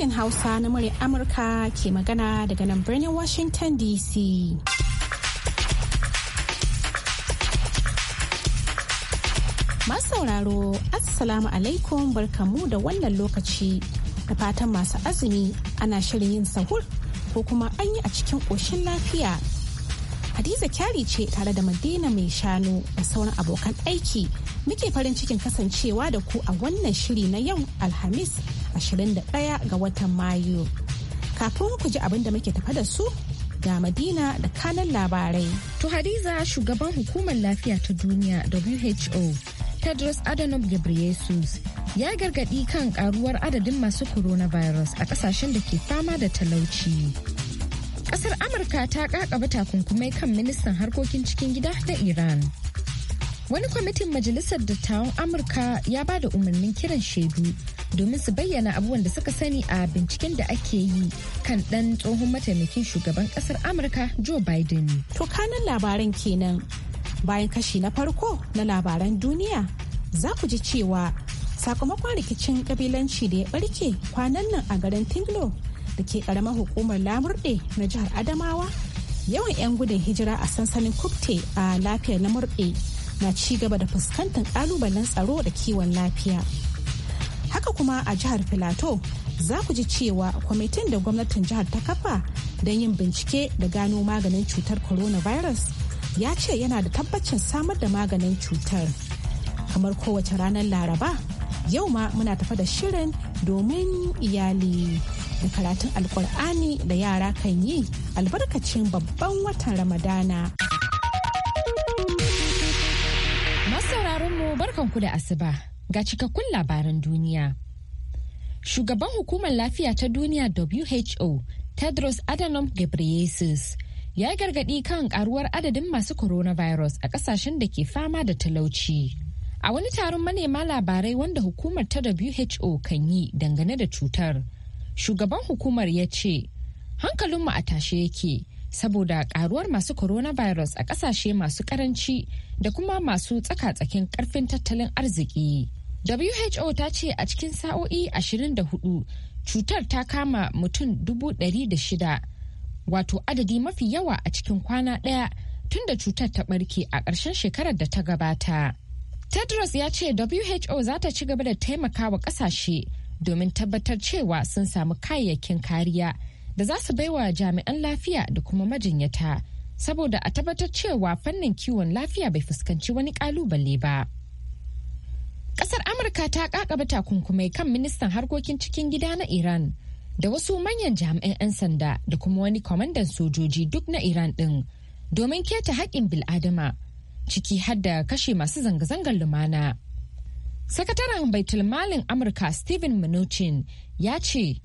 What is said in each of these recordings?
sashen Hausa na murya Amurka ke magana daga nan birnin Washington DC. Masu sauraro, Assalamu alaikum barkamu da wannan lokaci da fatan masu azumi ana shirin yin sahur ko kuma an yi a cikin ƙoshin lafiya. Hadiza kyari ce tare da Madina mai shanu da sauran abokan aiki muke farin cikin kasancewa da ku a wannan shiri na yau Alhamis 21 ga watan Mayu. Kafin ku ji abin da muke tafa da su ga Madina da kanan labarai. To Hadiza shugaban hukumar lafiya ta duniya WHO Tedros Adhanom Ghebreyesus ya gargadi kan karuwar adadin masu coronavirus a kasashen da ke fama da talauci. Kasar Amurka ta kakaba takunkumai kan ministan harkokin cikin gida na Iran. Wani kwamitin Majalisar Dattawan Amurka ya ba da umarnin kiran shaidu domin su bayyana abubuwan da suka sani a binciken da ake yi kan ɗan tsohon mataimakin shugaban kasar Amurka Joe Biden. To kanan labaran kenan bayan kashi na farko na labaran duniya za ku ji cewa sakamakon rikicin kabilanci da ya barke kwanan nan a garin Tinglo da ke karamar hukumar lamurde na jihar Adamawa yawan 'yan gudun hijira a sansanin kubte a lafiyar lamurde na ci gaba da fuskantar kalubalen tsaro da kiwon lafiya. haka kuma a jihar filato za ku ji cewa kwamitin da gwamnatin jihar ta kafa don yin bincike da gano maganin cutar coronavirus ya ce yana da tabbacin samar da maganin cutar kamar kowace ranar laraba yau ma muna tafa da shirin domin iyali da karatun alkur'ani da yara kan yi albarkacin babban watan ramadana masauraran barkanku da asuba Ga cikakkun labaran duniya. Shugaban hukumar lafiya ta duniya WHO Tedros Adhanom Ghebreyesus ya gargaɗi kan karuwar adadin masu coronavirus a ƙasashen da ke fama da talauci. A wani taron manema labarai wanda hukumar ta WHO kan yi dangane da cutar, shugaban hukumar ya ce, hankalinmu a tashe yake saboda karuwar masu coronavirus a ƙasashe masu ƙaranci da kuma masu tsaka-tsakin ƙarfin tattalin arziki. WHO ta ce a cikin sa'o'i 24 cutar ta kama mutum shida wato adadi mafi yawa a cikin kwana ɗaya tun da cutar ta ɓarke a ƙarshen shekarar da ta gabata. Tedros ya ce WHO za ta ci gaba da taimakawa ƙasashe domin tabbatar cewa sun samu kayayyakin kariya da za su baiwa jami'an lafiya da kuma majinyata saboda a tabbatar cewa fannin kiwon lafiya bai fuskanci wani ƙalubale ba. Kasar Amurka ta kakaba takunkumai kan ministan harkokin cikin gida na Iran da wasu manyan jami'an 'yan sanda da kuma wani kwamandan sojoji duk na Iran ɗin domin keta haƙƙin bil'adama ciki har da kashe masu zanga-zangar lumana. Sakataren malin Amurka Stephen Mnuchin ya ce,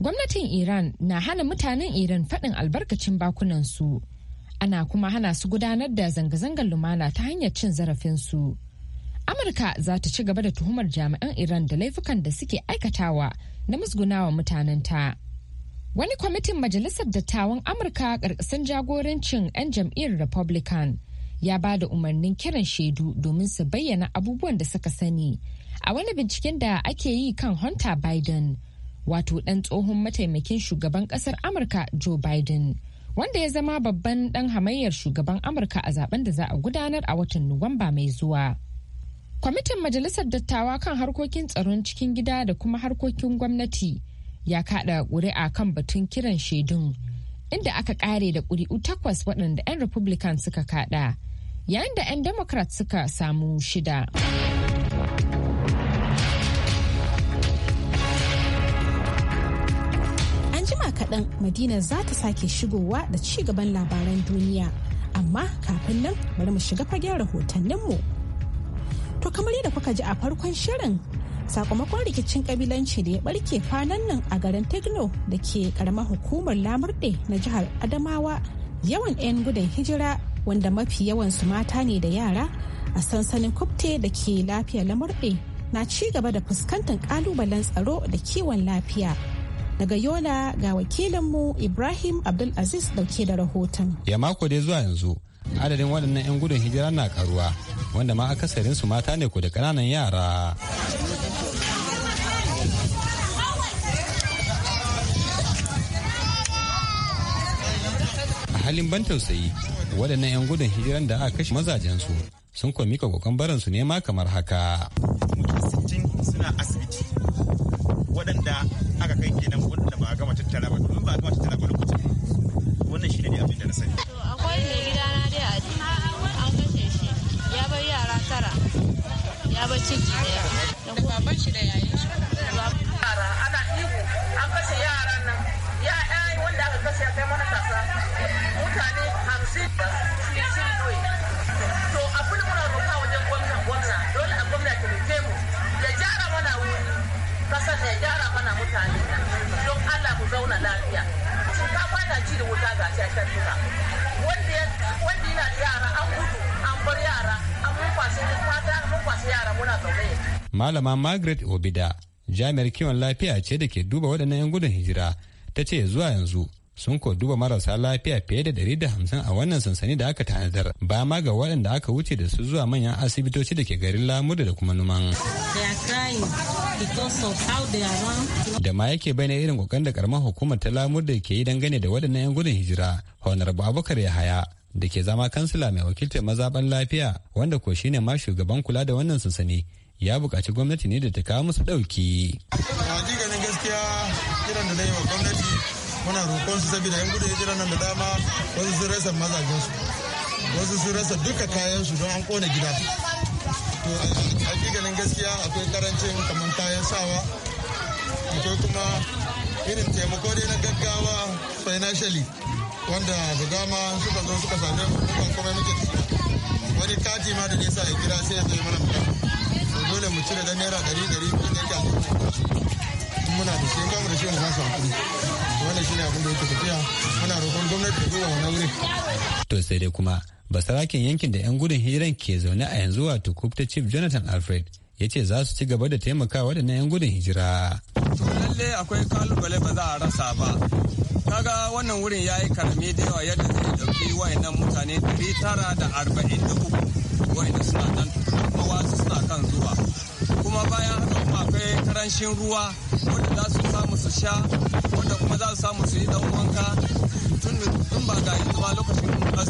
Gwamnatin Iran na hana mutanen Iran faɗin albarkacin bakunansu. Ana kuma hana su gudanar da zanga-zangar lumana ta hanyar cin zarafinsu. amurka za ta ci gaba da tuhumar jami'an iran da laifukan da suke aikatawa na musgunawa mutanenta wani kwamitin majalisar dattawan amurka ƙarƙashin jagorancin 'yan jam'iyyar republican ya ba da umarnin kiran shaidu domin su bayyana abubuwan da suka sani a wani binciken da ake yi kan hunter biden wato ɗan tsohon mataimakin shugaban ƙasar amurka joe biden wanda ya zama babban ɗan hamayyar shugaban amurka a zaben da za a gudanar a watan nuwamba mai zuwa Kwamitin Majalisar Dattawa kan harkokin tsaron cikin gida da kuma harkokin gwamnati ya kaɗa ƙuri'a kan batun kiran shaidun inda aka ƙare da ƙuri'u takwas waɗanda 'yan Republican suka kaɗa yayin da 'yan Democrat suka samu shida. An jima kaɗan Madina za ta sake shigowa da ci gaban labaran duniya, amma kafin nan bari mu shiga fagen rahotanninmu. mu. To kamar yadda kuka ji a farkon shirin sakamakon rikicin kabilanci da ya barke kwanan nan a garin Tegno da ke karamar hukumar Lamurde na jihar Adamawa yawan 'yan gudun hijira wanda mafi yawan su mata ne da yara a sansanin kubte da ke lafiya Lamurde na ci gaba da fuskantar kalubalen tsaro da kiwon lafiya. daga yola ga wakilinmu ibrahim abdulaziz dauke da rahoton ya mako dai zuwa yanzu adadin waɗannan 'yan gudun hijira na karuwa wanda ma akasarinsu mata ne ko da ƙananan yara A halin ban tausayi waɗannan 'yan gudun hijiran da aka kashe mazajensu sun kuwa mika kokon baransu ne ma kamar haka. Mutum suna asibiti waɗanda aka kai kenan waɗanda ba a gama tattara ba domin ba a gama tattara ba lokacin wannan shi ne abin da na sani. Akwai ne ya bar ciki da baban shi da yayin shi yara ana ihu an kashe yaran nan ya ai wanda aka kashe ya kai matasa mutane hamsin da sun doyi to abin muna roƙa wajen gwamnan gwamna dole a gwamna ta rike mu ya gyara mana wuri kasar ya gyara mana mutane don Allah ku zauna lafiya shinkafa na ji da wuta ga shi a kan wanda yana da yara an gudu an bar yara an mun kwashe duk yara muna zaune. Malama Margaret Obida jami'ar kiwon lafiya ce da ke duba waɗannan 'yan gudun hijira ta ce zuwa yanzu sun ko duba marasa lafiya fiye da ɗari da hamsin a wannan sansani da aka tanadar ba ma ga waɗanda aka wuce da su zuwa manyan asibitoci da ke garin lamuda da kuma numan da ma yake bayyana irin kokan da karamar hukumar ta lamuda ke yi dangane da waɗannan 'yan gudun hijira honorable abubakar yahaya da ke zama kansila mai wakiltar mazaban lafiya wanda ko shine ma shugaban kula da wannan sansani ya buƙaci gwamnati ne da ta kawo musu ɗauki. Hakikanin gaskiya kiran da na yi wa gwamnati muna roƙon su saboda yan gudun hijira nan da dama wasu sun rasa mazajensu wasu sun rasa duka kayansu don an kone gida. To hakikanin gaskiya akwai karancin kamar kayan sawa akwai kuma irin taimako dai na gaggawa financially wanda da dama suka zo suka sami mu kan komai muke da wani kati ma da nesa ya kira sai ya zo mana mu to dole mu cire dan naira ɗari ɗari ko da yake muna da shi ba da shi wani zasu hakuri wannan shine abin da yake tafiya muna roƙon gwamnati ta zuwa wani wuri to sai dai kuma basarakin yankin da 'yan gudun hijiran ke zaune a yanzu wato kubta chief jonathan alfred ya ce za su ci gaba da taimakawa da na 'yan gudun hijira. To lalle akwai kalubale ba za a rasa ba. Kaga wannan wurin ya yi karami da yawa yadda zai ɗauki wayannan mutane ɗari tara da arba'in da uku wayanda suna nan kuma wasu suna kan zuwa. Kuma bayan haka kuma akwai karancin ruwa wanda za su samu su sha wanda kuma za su samu su yi ɗan wanka tun ba ga yanzu ba lokacin ba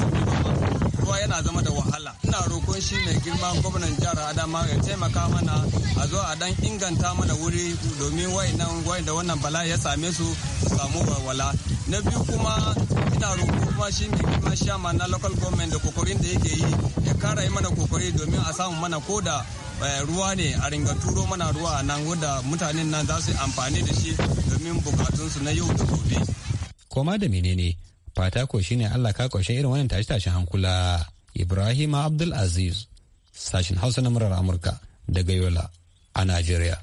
ruwa yana zama da wahala. muna roƙon shi mai girman gwamnan jihar adama ya taimaka mana a zo a dan inganta mana wuri domin wayannan wayanda wannan bala ya same su su samu walwala na biyu kuma ina roƙo kuma shi mai girman shama na local government da kokorin da yake yi ya kara yi mana kokari domin a samu mana koda eh, ruwa ne a ringa turo mana ruwa a nan wanda mutanen nan za su amfani da shi domin bukatunsu na yau da gobe. Koma da menene fata ko shine Allah ka kwashe irin wannan tashi-tashi hankula. Ibrahim Abdulaziz, sashin Hausa na muryar Amurka daga Yola a Najeriya.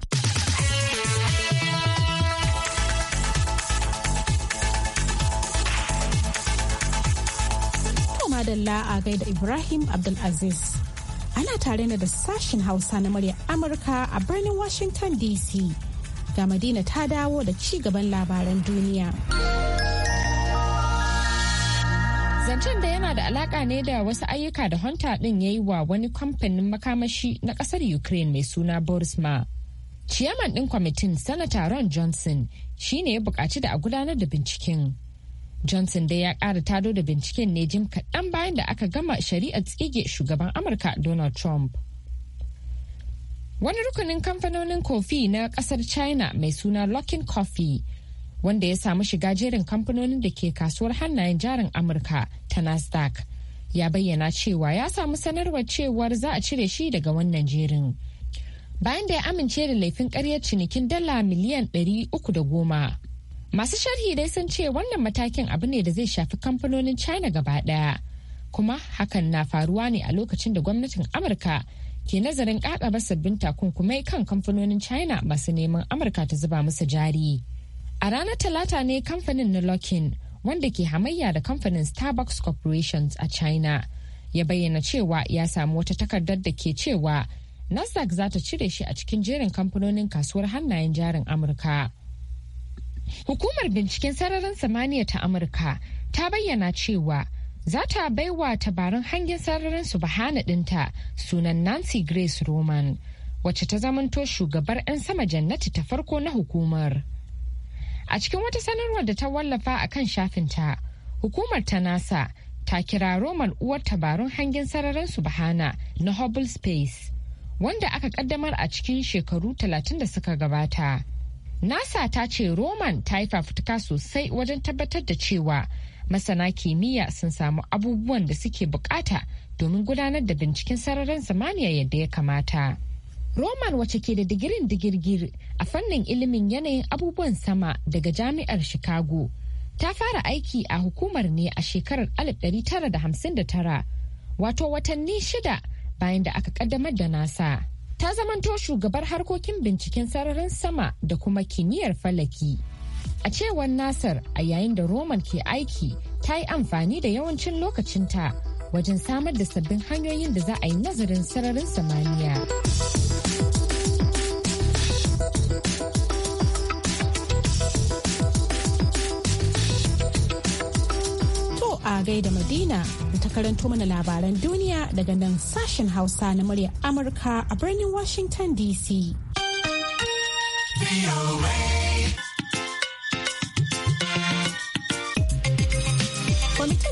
Madalla a gaida Ibrahim Abdulaziz. Ana tare ne da sashen Hausa na murya Amurka a birnin Washington DC. Ga Madina ta dawo da ci gaban labaran duniya. Zancen da yana da alaka ne da wasu ayyuka da Hunter din ya yi wa wani kamfanin makamashi na kasar Ukraine mai suna Borisma. Ciyaman ɗin kwamitin Sanata Ron Johnson shi ne ya buƙaci da a gudanar da binciken. Johnson dai ya ƙara tado da binciken ne jim kaɗan bayan da aka gama shari'ar tsige shugaban Amurka Donald Trump. Wani rukunin kamfanonin kofi na ƙasar China mai suna Locking Coffee wanda ya samu shiga jerin kamfanonin da ke kasuwar hannayen jarin amurka ta nasdaq ya bayyana cewa ya samu sanarwar cewar za a cire shi daga wannan jerin bayan da ya amince da laifin karyar cinikin dala miliyan 310 masu sharhi dai sun ce wannan matakin abu ne da zai shafi kamfanonin china gaba daya kuma hakan na faruwa ne a lokacin da gwamnatin amurka ke nazarin kakaba sabbin takunkumai kan kamfanonin china masu neman amurka ta zuba musu jari A ranar Talata ne kamfanin na Locking wanda ke hamayya da kamfanin Starbucks Corporations a China ya bayyana cewa ya samu wata takardar da ke cewa Nasdaq za ta cire shi a cikin jerin kamfanonin kasuwar hannayen jarin Amurka. Hukumar binciken sararin samaniya ta Amurka ta bayyana cewa za ta baiwa tabarin hangen sararin su ɗinta sunan Nancy Grace Roman, wacce ta zamanto shugabar 'yan sama jannati ta farko na hukumar. A cikin wata sanarwar da ta wallafa a kan shafinta, hukumar ta NASA ta kira Roman uwar tabarun hangen sararin subhana na Hubble Space, wanda aka kaddamar a cikin shekaru 30 da suka gabata. NASA ta ce Roman ta yi fafutuka sosai wajen tabbatar da cewa masana kimiyya sun samu abubuwan da suke bukata domin gudanar da binciken sararin samaniya yadda ya kamata. Roman wace ke da digirin digirgir a fannin ilimin yanayin abubuwan sama daga jami'ar Chicago. Ta fara aiki a hukumar ne a shekarar 1959 wato watanni shida bayan da aka kaddamar da nasa. Ta zamanto shugabar harkokin binciken sararin sama da kuma kimiyyar falaki. A cewar Nasar a yayin da Roman ke aiki ta yi amfani da yawancin lokacinta. wajen samar da sabbin hanyoyin da za a yi nazarin sararin samaniya. to a gaida Madina ta karanto mana labaran duniya daga nan sashen Hausa na murya Amurka a birnin Washington DC.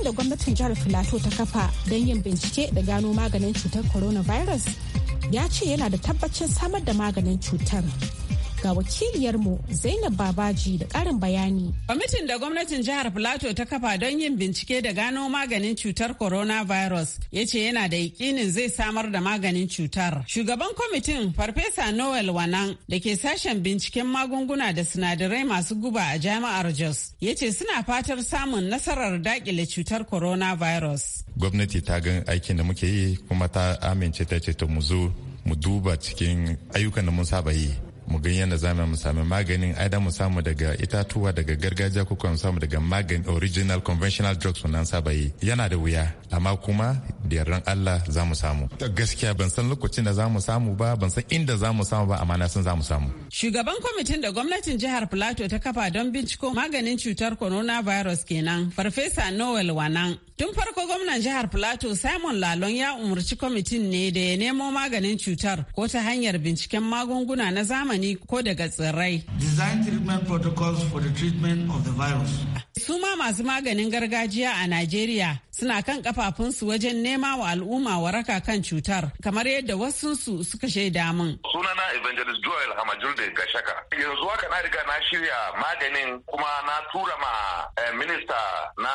kwamitin da gwamnatin jihar filato ta kafa don yin bincike da gano maganin cutar coronavirus ya ce yana da tabbacin samar da maganin cutar ga wakiliyarmu Zainab Babaji da karin bayani. Kwamitin da gwamnatin jihar Filato ta kafa don yin bincike da gano maganin cutar coronavirus ya ce yana da yakinin zai samar da maganin cutar. Shugaban kwamitin Farfesa Noel Wanan da ke sashen binciken magunguna da sinadarai masu guba a jami'ar Jos ya ce suna fatar samun nasarar dakile cutar coronavirus. Gwamnati ta gan aikin da muke yi kuma ta amince ta ce ta mu zo mu duba cikin ayyukan da mun saba yi mu ga yadda za mu sami maganin aida mu samu daga itatuwa daga gargajiya ko kuma samu daga magani original conventional drugs sunan saba yana da wuya amma kuma da yardan Allah za mu samu gaskiya ban san lokacin da za mu samu ba ban san inda za mu samu ba amma na san za mu samu shugaban kwamitin da gwamnatin jihar Plateau ta kafa don binciko maganin cutar coronavirus kenan farfesa Noel Wanan tun farko gwamnan jihar Plateau Simon Lalon ya umarci kwamitin ne da ya nemo maganin cutar ko ta hanyar binciken magunguna na zamani ko daga tsirrai design treatment protocols for the treatment of the virus Su ma masu maganin gargajiya a Najeriya suna kan kafafunsu wajen nema wa al'umma waraka kan cutar kamar yadda wasunsu suka shaida min. Sunana Evangelist Joel Hamajulde Gashaka. Yanzu haka na riga na shirya maganin kuma na tura ma eh, minista na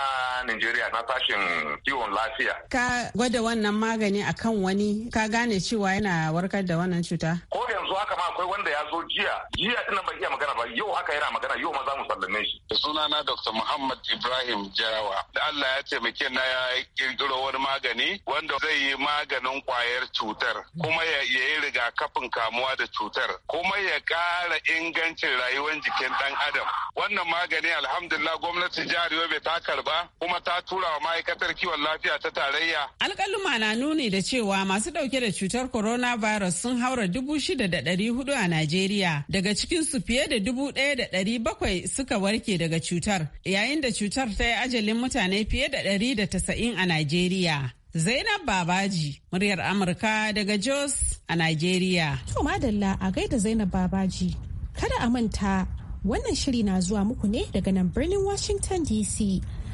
Nigeria na sashen kiwon lafiya. Ka gwada wannan magani akan wani ka gane cewa yana warkar da wannan cuta? Ko yanzu haka ma akwai wanda ya zo jiya. Jiya ina ba iya magana ba yau haka yana magana yau ma za mu sallame shi. Sunana Dr. Muhammad Muhammad Ibrahim Jarawa. Da Allah ya taimake na ya kirkiro wani magani wanda zai yi maganin kwayar cutar kuma ya yi rigakafin kamuwa da cutar kuma ya ƙara ingancin rayuwar jikin ɗan adam. Wannan magani alhamdulillah gwamnati jihar Yobe ta karba kuma ta tura wa ma'aikatar kiwon lafiya ta tarayya. Alƙaluma na nuni da cewa masu ɗauke da cutar corona virus sun haura dubu shida da ɗari hudu a Najeriya daga cikin su fiye da dubu ɗaya da ɗari bakwai suka warke daga cutar. Yayin yayin da cutar ta yi ajalin mutane fiye da 190 a Najeriya. Zainab Babaji, muryar Amurka daga Jos a Najeriya. To madalla a gaida Zainab Babaji, kada a manta wannan shiri na zuwa muku ne daga nan birnin Washington DC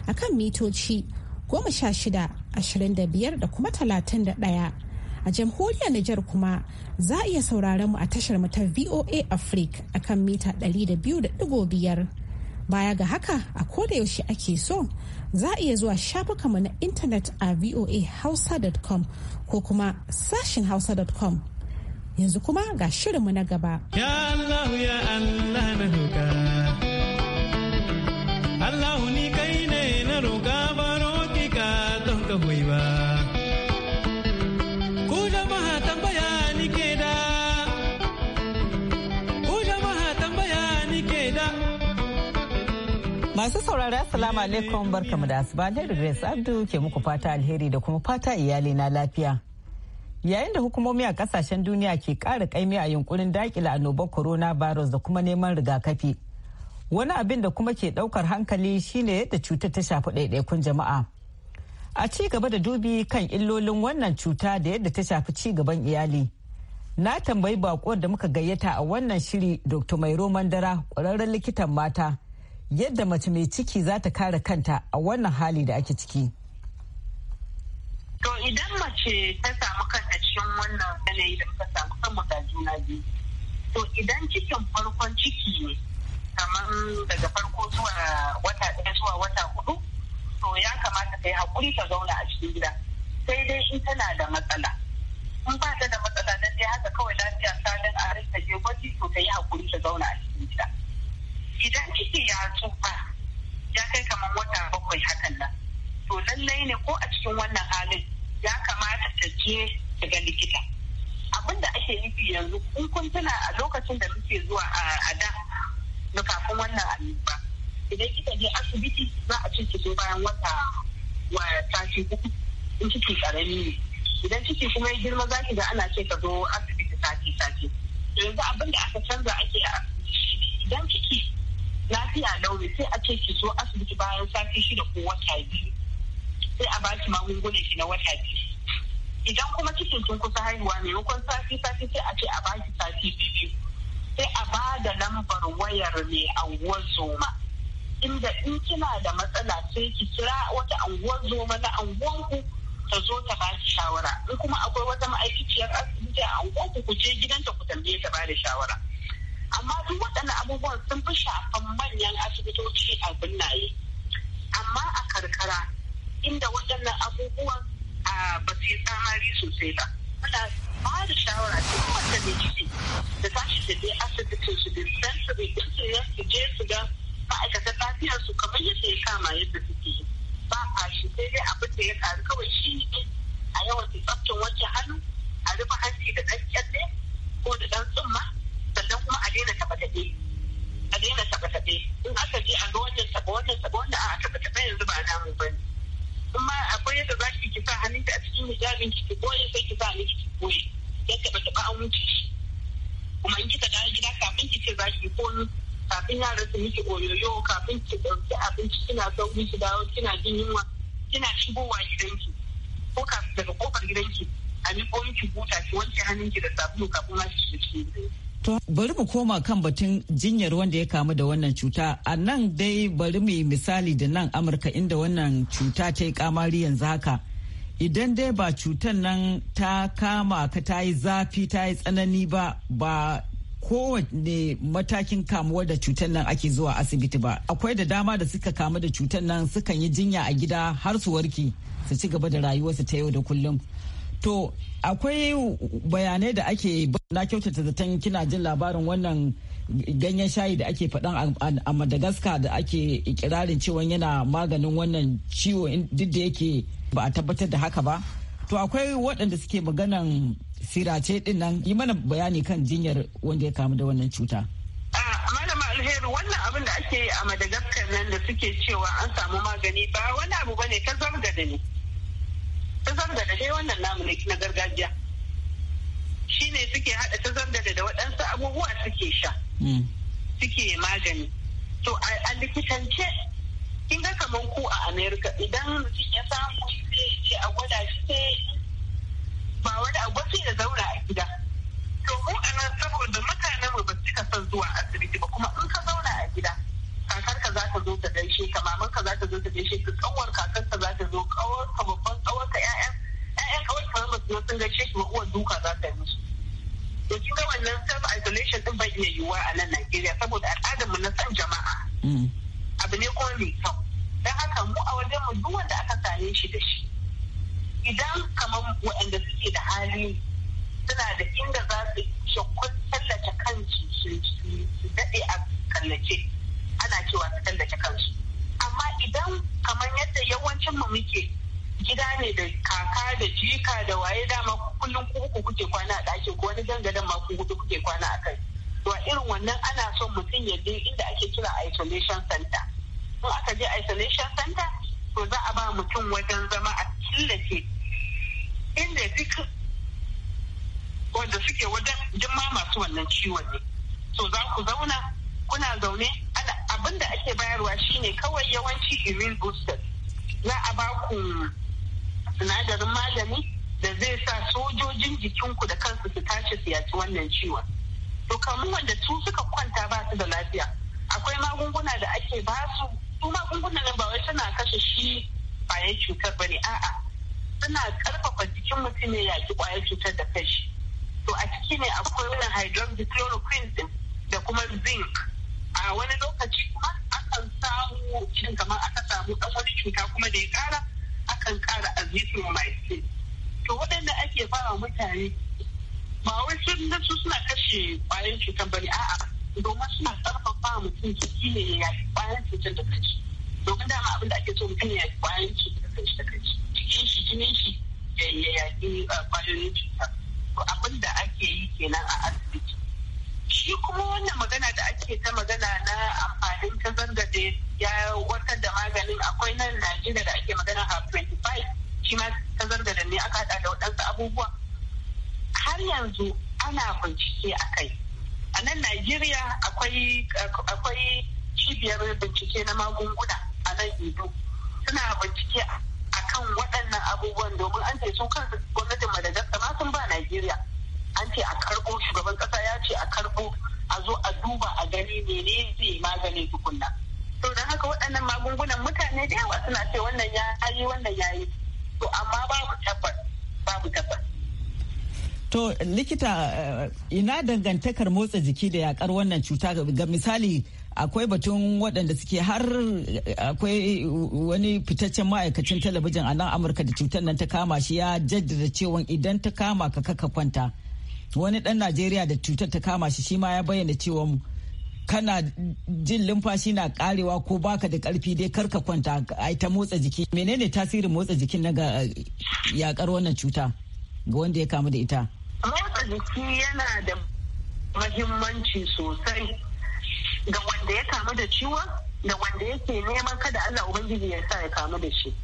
a kan mitoci goma sha shida, ashirin da biyar da kuma talatin da ɗaya. a jamhuriyar Nijar kuma za a iya sauraron mu a tashar mu ta VOA Africa a kan mita 200.5. Baya ga haka a koda yaushe ake so za a iya zuwa shafukanmu na intanet a voahausa.com ko kuma sashin hausa.com. Yanzu kuma ga shirinmu na gaba. Ya Allah ya Allah na Masu saurari salamu alaikum barkamu da asuba da Grace Abdu ke muku fata alheri da kuma fata iyali na lafiya. Yayin da hukumomi a kasashen duniya ke kara kaimi a yunkurin daƙila Corona virus da kuma neman rigakafi. Wani abin da kuma ke daukar hankali shine yadda cutar ta shafi ɗaiɗaikun jama'a. A ci gaba da dubi kan illolin wannan cuta da yadda ta shafi ci gaban iyali. Na tambayi bakuwar da muka gayyata a wannan shiri Dr. Mairo Mandara, ƙwararren likitan mata. yadda mace mai ciki za ta kare kanta a wannan hali da ake ciki. To idan mace ta samu kanta cikin wannan yanayi da muka samu kan mu juna biyu. To idan cikin farkon ciki ne kamar daga farko zuwa wata ɗaya zuwa wata hudu to ya kamata ka yi haƙuri ka zauna a cikin gida. Sai dai in tana da matsala. In ba ta da matsala dan dai haka kawai lafiya salin a rinka je gwaji to ka yi haƙuri ka zauna a cikin gida. idan ciki ya tsufa ya kai kamar wata bakwai hakan nan to lallai ne ko a cikin wannan halin ya kamata ta je daga likita abin da ake nufi yanzu kun kun tuna a lokacin da muke zuwa a da na kafin wannan annoba idan kika je asibiti za a cin zo bayan wata wa tashi uku in ciki karami ne idan ciki kuma ya girma za ki ga ana ce ka zo asibiti sati sati yanzu abin da aka canza ake a asibiti idan ciki lafiya launi sai a ce ki zo asibiti bayan sati shida ko wata biyu sai a baki magungunan shi na wata biyu idan kuma cikin kin kusa haihuwa maimakon sati sati sai a ce a baki sati biyu sai a ba da lambar wayar mai anguwar zoma inda in kina da matsala sai ki kira wata anguwar zoma na anguwar ku ta zo ta ba ki shawara in kuma akwai wata ma'aikaciyar asibiti a ku ku je gidanta ku tambaye ta ba da shawara amma duk waɗannan abubuwan sun fi shafan manyan asibitoci a binnaye amma a karkara inda waɗannan abubuwan ba su yi tsamari sosai ba muna ba da shawara duk wanda mai ciki da tashi da dai asibitin su dispensary din su ne su je su ga ma'aikatan lafiyar su kamar yadda ya kama yadda suke ba a shi sai dai abin da ya karu kawai shi ne a yawan tsaftin wacce hannu a rufe hanci da ɗan kyalle ko da ɗan tsumma sannan kuma a daina taba taɓe. a daina taba taɓe. in aka je a ga wannan taɓa wannan taɓa wannan a taɓa taɓa yanzu ba namu ba. in ma akwai yadda za ki hannun hannunki a cikin hijabin ki ki boye sai ki sa ni ki boye ya taɓa taɓa, an wuce shi kuma in kika dawo gida kafin ki ce za ki komi kafin yaran su miki oyoyo kafin ki ɗauki abinci kina sauri ki dawo kina jin yunwa kina shigowa gidanki ko kafin daga kofar gidanki a miƙo miki buta ki wanke hannunki da sabulu kafin ma ki shi. cikin To bari mu koma kan batun jinyar wanda ya kamu da wannan cuta. A nan dai bari mu yi misali da nan Amurka inda wannan cuta ta yi kamari yanzu haka. Idan dai ba cutar nan ta kama ka ta yi zafi ta yi tsanani ba ba kowane matakin kamuwa da cutar nan ake zuwa asibiti ba. Akwai da dama da suka kamu da cutar nan sukan yi jinya a gida har su warke su ci gaba da rayuwarsu ta yau da kullum. To akwai bayanai da ake na kyautata zaton kina jin labarin wannan ganyen shayi da ake faɗan a Madagascar da ake ikirarin cewa yana maganin wannan ciwo duk da yake ba a tabbatar da haka ba. To akwai waɗanda suke maganan sirace ɗin nan yi mana bayani kan jinyar wanda ya kamu da wannan cuta. alheri wannan abin da ake yi a Madagascar nan da suke cewa an samu magani ba wani abu bane ta zarga da ne. tazar da dai wannan namu ne na gargajiya shi ne suke haɗa tazar da da waɗansu abubuwa suke sha hmm. suke magani to a likitance kin ga kamar ku a america idan mutum ya samu sai a gwada shi sai ba wani abu sai ya zauna a gida to mu a nan saboda mutanen mu ba su cika son zuwa asibiti ba kuma in ka zauna a gida kakarka za ta zo ta gaishe ka mamanka za ta zo ta gaishe ka kawar kakarka za ta zo kawarka babban kawarka ƴaƴan ƴaƴan ka ba suna sun gaishe shi ba uwar duka za ta musu to kin ga wannan self isolation din bai iya yiwuwa a nan Najeriya saboda al'adar mu na san jama'a mm. abu ne kuma mai kyau dan haka mu a wajen mu duk wanda aka same shi da shi idan kamar waɗanda suke da hali suna da inda za su shakkun tallace kansu su daɗe a kallace ana cewa su tallata kansu amma idan kamar yadda yawancin mu muke gida ne da kaka da jika da waye dama kullum ku uku kuke kwana a ɗakin ko wani dangadan ma ku hudu kuke kwana a kai to a irin wannan ana son mutum ya je inda ake kira isolation center in aka je isolation center to za a ba mutum wajen zama a killace inda duk wanda suke wajen jimma masu wannan ciwon ne to za ku zauna kuna zaune abin da ake bayarwa shine kawai yawanci immune booster za a ba ku sinadarin magani da zai sa sojojin jikinku da kansu su tashi su yaci wannan ciwon to kamun wanda su suka kwanta ba su da lafiya akwai magunguna da ake ba su su magungunan nan ba wai suna kashe shi kwayar cutar bane a'a suna karfafa jikin mutum ne yaki kwayar cutar da kashi to a ciki ne akwai wannan hydroxychloroquine da kuma zinc a wani lokaci kuma akan samu irin kamar aka samu dan wani cuta kuma da ya kara akan kara azithromycin to waɗanda ake fara mutane ba wai sun da su suna kashe kwayan cutar bane a'a domin suna sarrafa mutum jiki ne ya yi kwayan cutar da kanshi domin dama abin da ake so mutum ya yafi kwayan cutar da kanshi da kanshi jikin shi jinin shi ya yafi kwayoyin eh, da ake ta magana na amfanin ta zanga da ya watar da maganin akwai nan Najeriya da ake magana har 25 shi ma ta zanga da ne aka hada da waɗansu abubuwa har yanzu ana bincike a kai a nan Najeriya akwai cibiyar bincike na magunguna a nan Edo suna bincike a kan waɗannan abubuwan domin an ce su gwamnati gani ne ne magani tukunna to da haka waɗannan magungunan mutane da yawa suna ce wannan ya yi wannan ya yi to amma babu tabbas babu tabbas To likita eh, ina dangantakar motsa jiki da yakar wannan cuta ga misali akwai batun waɗanda suke har eh, akwai wani fitaccen ma'aikacin talabijin a nan amurka da cutar nan ta kama shi ya jaddada cewa idan ta kama ka kaka kwanta wani ɗan najeriya da cutar ta kama shi shi ma ya bayyana cewa kana jin lumfashi na karewa ko baka da karfi dai karka kwanta ai ta motsa jiki menene tasirin motsa jikin na ga eh, yakar wannan cuta ga wanda ya kamu da ita motsa jiki yana da mahimmanci sosai ga wanda ya kamu da ciwon da wanda yake neman kada Allah ubangiji ya sa ya kamu da shi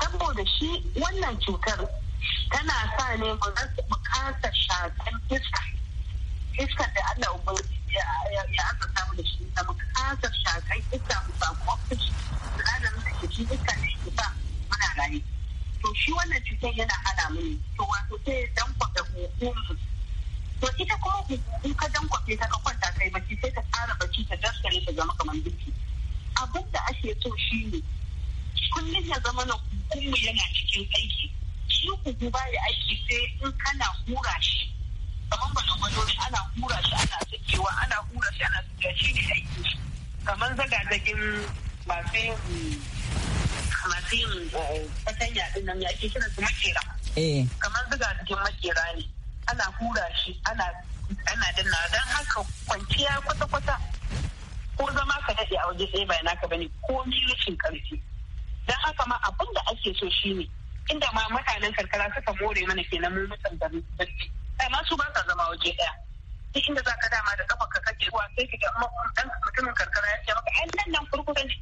saboda shi wannan cutar tana sa ne mu kasa shakan iska iskar da Allah ubangiji ya azurta mu da shi da mu kasar shakai iska mu samu oxygen sinadarin da ke cikin iska da ke ba muna rayu to shi wannan cutar yana hana mu to wato sai dan kwafe hukumu to ita kuma hukumu ka dan kwafe ta ka kwanta kai bacci sai ka tsara bacci ta daskare ta zama kamar duki abin da ake so shi ne kullum ya zama na hukumu yana cikin aiki shi hukumu ba ya aiki sai in kana hura shi kamar su gwado ne ana hura shi ana sakewa ana hura shi ana sakewa shi ne aiki kamar zagazagin masu yin masu yin kasan eh, yaɗin nan ya ake kiran su makera eh. kamar zagazagin makera ne ana hura shi ana ana danna don haka kwanciya kwata-kwata ko zama ka daɗe a waje tsaye bai naka bane ko ni rashin ƙarfi don haka ma abin da ake so shine inda ma mutanen karkara suka more mana kenan mu mutan da mu ai su ba sa zama waje ɗaya duk inda za ka dama da kafa ka kake zuwa sai ka ga mutumin karkara ya ce maka ai nan nan kurkusa ne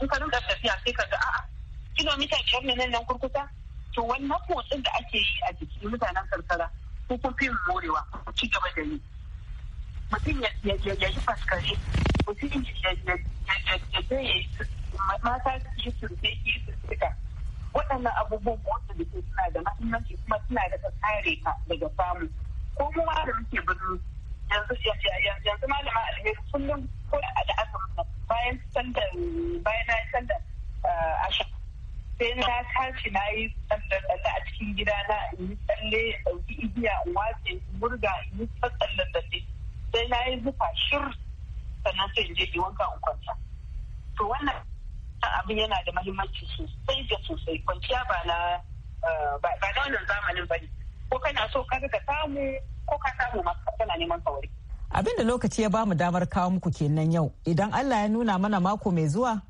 in ka rinka tafiya sai ka ga a'a kilomita biyar ne nan nan kurkusa to wannan motsin da ake yi a jiki mutanen karkara ko kun fi morewa ci gaba da yi mutum ya yi faskare mutum ya je ya mata yi surfe yi surfuka waɗannan abubuwan da ke suna da mahimmanci kuma suna da tsare ka daga samu ko mu ma da muke birni yanzu yanzu malama alheri kullum ko a da aka bayan sandar bayan na sandar eh, a sai na tashi na yi tsallar tsalle a cikin gida na in yi tsalle ɗauki igiya in wace in murga in yi da tsalle sai na yi zufa shir sannan sai in je in wanka in kwanta to wannan abin yana da mahimmanci sosai da sosai kwanciya ba na eh, ba na wannan zamanin bane ko kana so ka ka samu ko ka samu ma kana neman kawai abin da lokaci ya bamu damar kawo muku kenan yau idan Allah ya nuna mana mako mai zuwa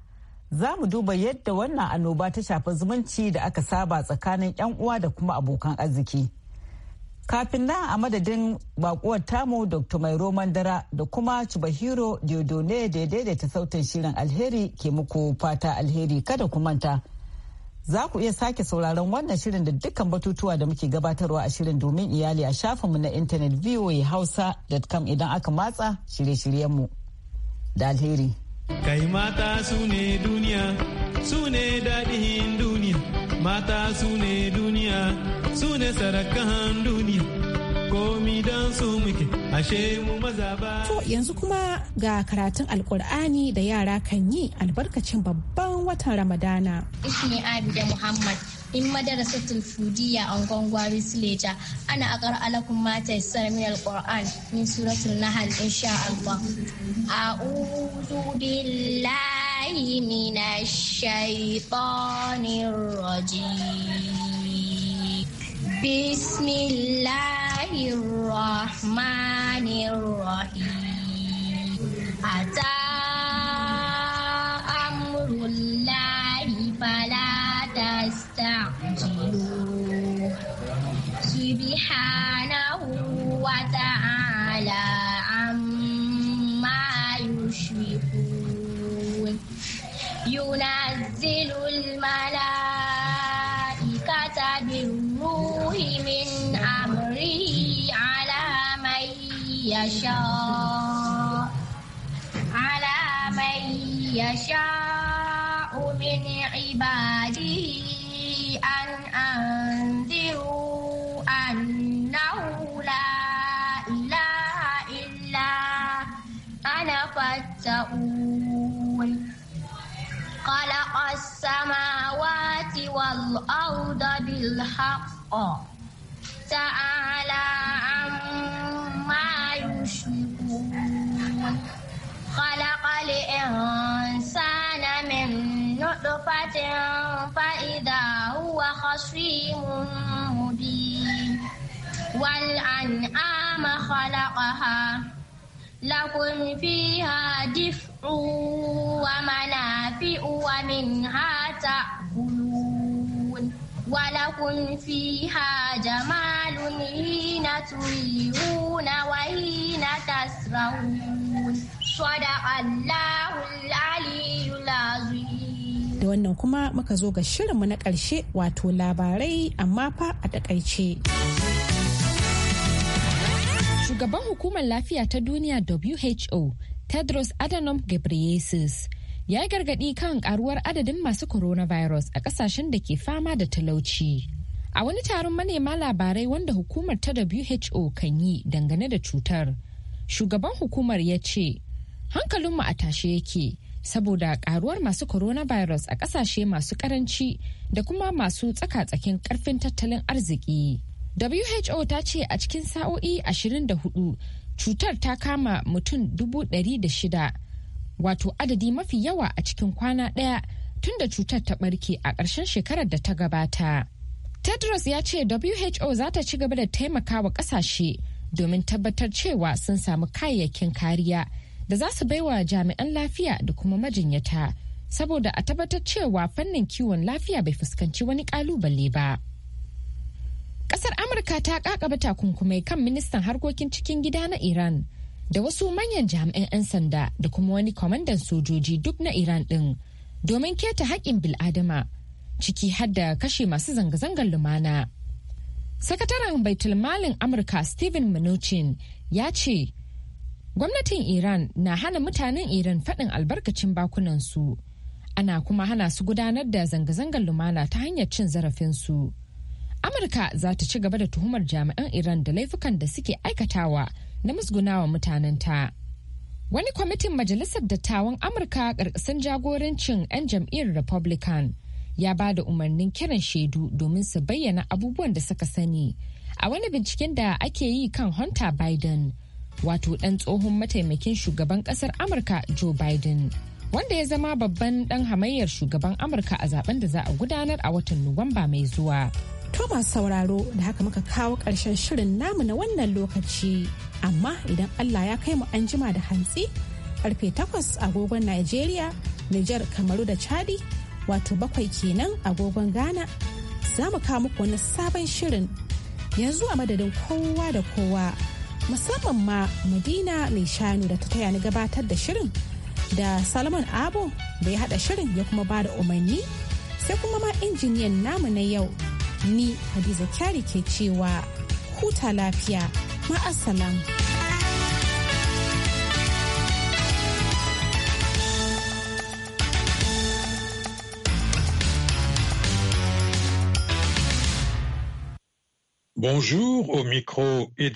za mu duba yadda wannan annoba ta shafi zumunci da aka saba tsakanin 'yan uwa da kuma abokan arziki. kafin nan a madadin bakuwar tamu dr mai roman dara da kuma ne diodone da ya daidaita sautin shirin alheri ke muku fata alheri kada ku manta za ku iya sake sauraron wannan shirin da dukkan batutuwa da muke gabatarwa a shirin domin iyali a shafinmu na intanet hausa.com idan aka matsa shirye-shiryenmu da alheri kai mata su ne duniya su ne dadihin duniya mata su ne duniya su ne sarakan duniya komi don su muke ashe mu maza ba. To yanzu kuma ga karatun alkur'ani da yara kan yi albarkacin babban watan Ramadana. Ismi Abida Muhammad in madarasatul fudiya an gwangwari sileja ana akar alakun mata isar min alkur'an min suratul nahl insha Allah a'udhu billahi minash shaitanir rajim بسم الله الرحمن الرحيم أتى الأرض بالحق تعالى عما يشركون خلق الإنسان من نطفة فإذا هو خصيم مبين والأنعام خلقها لكم فيها دفء ومنافع ومنها تأكل ولكم فيها جمال حين تريحون وحين تسرحون صدق الله العلي العظيم da wannan kuma muka zo ga shirin mu na ƙarshe wato labarai amma fa a takaice. Shugaban hukumar lafiya ta duniya WHO Tedros Adhanom Ghebreyesus ya gargaɗi kan karuwar adadin masu coronavirus a ƙasashen da ke fama da talauci. A wani taron manema labarai wanda hukumar ta WHO kan yi dangane da cutar, shugaban hukumar ya ce, hankalinmu a tashe yake saboda karuwar masu coronavirus a ƙasashe masu ƙaranci da kuma masu tsaka-tsakin ƙarfin tattalin arziki. WHO ta ce a cikin sa'o'i 24 cutar ta kama mutum shida. wato adadi mafi yawa a cikin kwana ɗaya tun da cutar ta ɓarke a ƙarshen shekarar da ta gabata. Tedros ya ce WHO za ta ci gaba da taimaka wa ƙasashe domin tabbatar cewa sun samu kayayyakin kariya da za su baiwa jami'an lafiya da kuma majinyata saboda a tabbatar cewa fannin kiwon lafiya bai fuskanci wani ƙalubale ba. Ƙasar Amurka ta ƙaƙaba takunkumai kan ministan harkokin cikin gida na Iran. da wasu manyan jami'an 'yan sanda da kuma wani kwamandan sojoji duk na iran ɗin domin keta haƙƙin bil'adama ciki har da kashe masu zanga-zangar lumana sakataren baitulmalin amurka steven mnuchin ya ce gwamnatin iran na hana mutanen iran faɗin albarkacin bakunansu ana kuma hana su gudanar da zanga-zangar lumana ta hanyar cin zarafinsu amurka za ta ci gaba da tuhumar jami'an iran da laifukan da suke aikatawa na musgunawa mutanen ta Wani kwamitin Majalisar Dattawan Amurka ƙarƙashin jagorancin 'yan jam'iyyar Republican ya ba da umarnin kiran shaidu domin su bayyana abubuwan da suka sani a wani binciken da ake yi kan Hunter Biden, wato ɗan tsohon mataimakin shugaban ƙasar Amurka Joe Biden, wanda ya zama babban ɗan hamayyar shugaban Amurka a zaben da za a gudanar a watan Nuwamba mai zuwa. To masu sauraro da haka muka kawo ƙarshen shirin namu na wannan lokaci. Amma idan Allah ya kai mu an da hantsi, karfe takwas agogon Najeriya, Nijar, Kamaru da Chadi, wato bakwai kenan agogon Ghana, za mu kawo muku wani sabon shirin. Yanzu a madadin kowa da kowa, musamman ma Madina mai shanu da ta taya ni gabatar da shirin, da Salman Abo da ya haɗa shirin ya kuma ba da umarni, sai kuma ma injiniyan namu na yau. ni hadiza kyari ke cewa huta lafiya ma'asalam. Bonjour au micro et